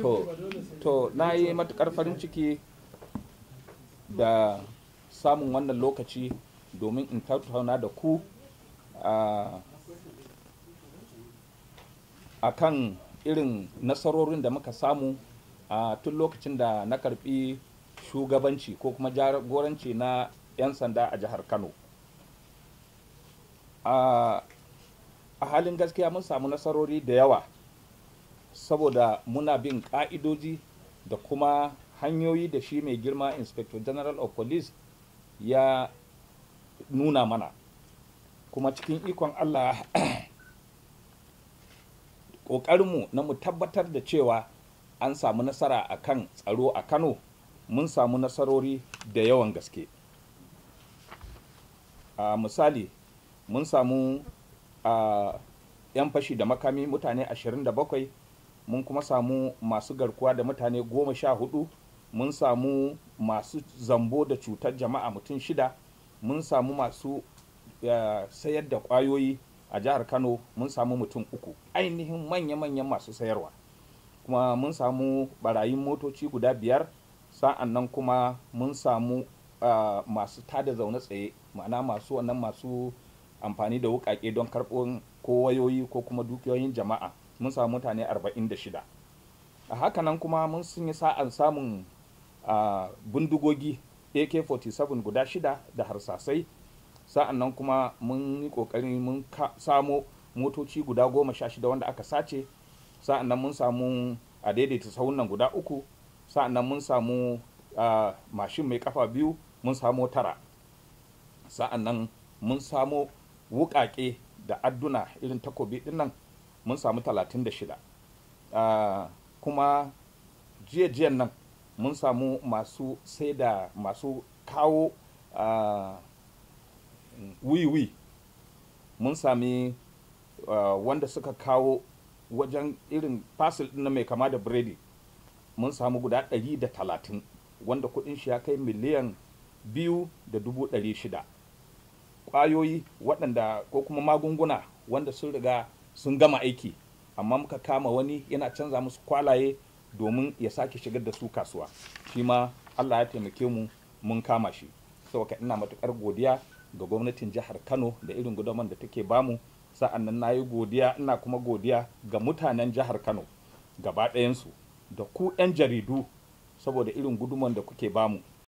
to to na yi matukar farin ciki da samun wannan lokaci domin in tattauna da ku a kan irin nasarorin da muka samu a tun lokacin da na karbi shugabanci ko kuma jagoranci na 'yan sanda a jihar kano a halin gaskiya mun samu nasarori da yawa saboda muna bin ka'idoji da kuma hanyoyi da shi mai girma inspector general of police ya nuna mana kuma cikin ikon allah ƙoƙarinmu na mu tabbatar da cewa an samu nasara a kan tsaro a kano mun samu nasarori da yawan gaske a misali mun samu a 'yan fashi da makami mutane 27 mun kuma samu masu garkuwa da mutane goma sha hudu mun samu masu zambo da cutar jama'a mutum shida mun samu masu eh, sayar da kwayoyi a jihar kano mun samu mutum uku ainihin manya-manyan masu sayarwa kuma mun samu barayin motoci guda biyar sa'an nan kuma mun samu eh, masu tada zaune tsaye ma'ana masu wannan masu amfani da wukake don karɓon ko wayoyi ko kuma dukiyoyin jama'a mun samu mutane 46 a hakanan kuma mun sun yi sa'an samun bindigogi ak-47 guda shida da harsasai sa'an nan kuma mun yi kokari mun samo motoci guda goma sha shida wanda aka sace sa'an nan mun samu a daidaita saunan guda uku sa'an nan mun samu mashin mai kafa biyu mun samo tara sa'an nan mun samu wukake da adduna irin takobi dinnan mun samu 36 ah, kuma jiya-jiyan nan mun samu masu sai da masu kawo ah, wiwi mun sami ah, wanda suka kawo wajen irin fasil na mai kama da biredi mun samu guda 130 wanda kudin shi ya kai miliyan biyu da dubu ƙwayoyi waɗanda ko kuma magunguna wanda sun riga sun gama aiki amma muka kama wani yana canza musu kwalaye domin ya sake shigar da su kasuwa shi ma allah ya taimake mu mun kama shi saboda ina matukar godiya ga gwamnatin jihar kano da irin gudanar da take bamu sa'an nan na yi godiya ina kuma godiya ga mutanen jihar kano gaba ɗayansu da ku 'yan jaridu saboda irin guduman da kuke bamu